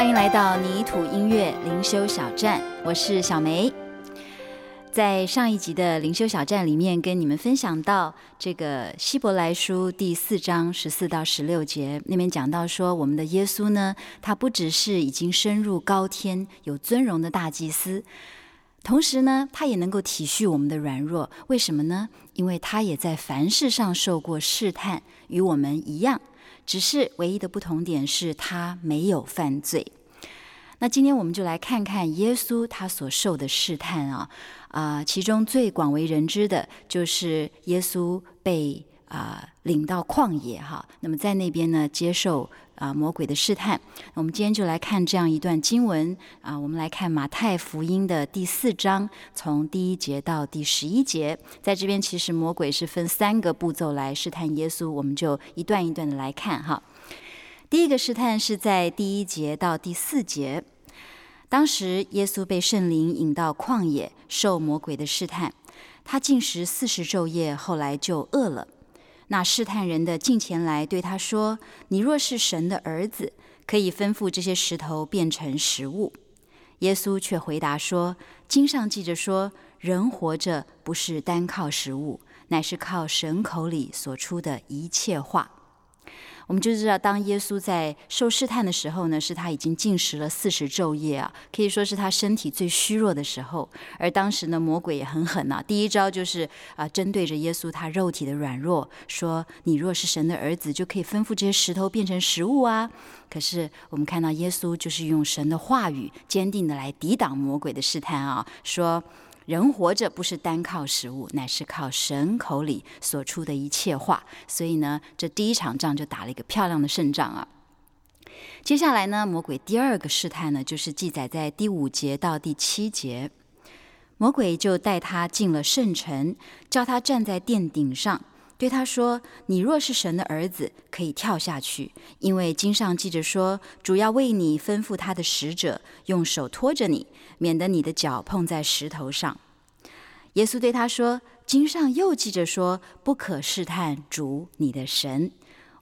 歡迎來到泥土音樂靈修小站，我是小梅。在上一集的靈修小站裡面，跟你們分享到這個希伯來書第四章十四到十六節那邊講到說，我們的耶穌呢，他不只是已經升入高天有尊榮的大祭司，同時呢，他也能夠體恤我們的軟弱。為什麼呢？因為他也在凡事上受過試探，與我們一樣，只是唯一的不同點是他沒有犯罪。那今天我們就來看看耶穌他所受的試探啊啊、呃，其中最廣為人知的就是耶穌被啊、呃、領到曠野哈，那麼在那邊呢，接受啊、呃、魔鬼的試探。我們今天就來看這樣一段經文啊、呃，我們來看馬太福音的第四章，從第一節到第十一節，在這邊其實魔鬼是分三個步驟來試探耶穌，我們就一段一段的來看哈。第一個試探是在第一節到第四節。當時，耶穌被聖靈引到曠野，受魔鬼的試探。他禁食四十晝夜，後來就餓了。那試探人的進前來，對他說：“你若是神的兒子，可以吩咐這些石頭變成食物。”耶穌卻回答說：“經上記着說，人活着不是單靠食物，乃是靠神口裡所出的一切話。”我們就知道，當耶穌在受試探的時候呢，是他已經禁食了四十晝夜啊，可以說是他身體最虛弱的時候。而當時呢，魔鬼也很狠吶、啊。第一招就是啊，針對着耶穌他肉體的軟弱，說：“你若是神的兒子，就可以吩咐這些石頭變成食物啊。”可是我們看到耶穌就是用神的話語，堅定的來抵擋魔鬼的試探啊，說。人活着不是單靠食物，乃是靠神口裡所出的一切話。所以呢，這第一場仗，就打了一個漂亮的勝仗啊。接下來呢，魔鬼第二個試探呢，就是記載在第五節到第七節，魔鬼就帶他進了聖城，叫他站在殿頂上。對他說：“你若是神的兒子，可以跳下去，因為經上記着說，主要為你吩咐他的使者用手托着你，免得你的腳碰在石頭上。”耶穌對他說：“經上又記着說，不可試探主你的神。”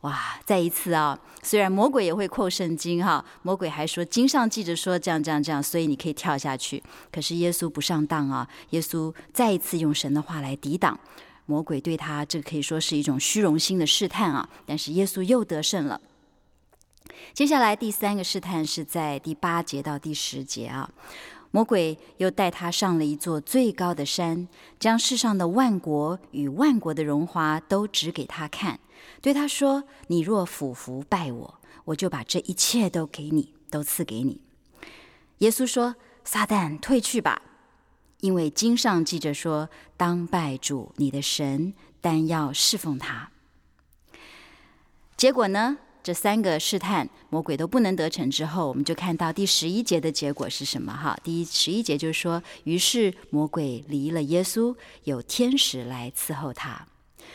哇！再一次啊，雖然魔鬼也會扣聖經哈、啊，魔鬼還說經上記着說這樣這樣這樣，所以你可以跳下去。可是耶穌不上當啊，耶穌再一次用神的話來抵擋。魔鬼對他，這可以說是一種虛榮心的試探啊！但是耶穌又得勝了。接下來第三個試探是在第八節到第十節啊，魔鬼又帶他上了一座最高的山，將世上的萬國與萬國的榮華都指給他看，對他說：“你若俯伏拜我，我就把這一切都給你，都賜給你。”耶穌說：“撒旦，退去吧。”因為經上記着說：“當拜主你的神，單要侍奉他。”結果呢，這三個試探魔鬼都不能得逞。之後，我們就看到第十一節的結果是什麼？哈，第十一節就是說，於是魔鬼離了耶穌，有天使來伺候他。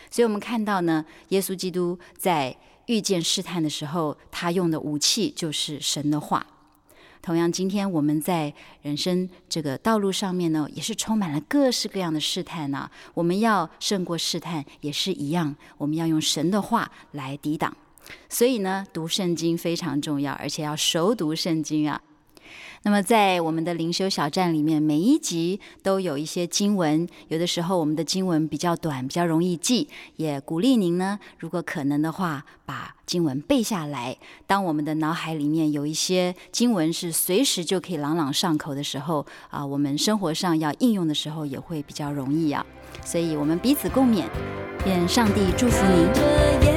所以我們看到呢，耶穌基督在遇見試探的時候，他用的武器就是神的話。同樣，今天我們在人生這個道路上面呢，也是充滿了各式各樣的試探哪。我們要勝過試探，也是一樣，我們要用神的話來抵擋。所以呢，讀聖經非常重要，而且要熟讀聖經啊。那麼，在我們的靈修小站裡面，每一集都有一些經文。有的時候，我們的經文比較短，比較容易記。也鼓勵您呢，如果可能的話，把經文背下來。當我們的腦海裡面有一些經文是隨時就可以朗朗上口的時候，啊，我們生活上要應用的時候也會比較容易啊。所以我們彼此共勉，願上帝祝福您。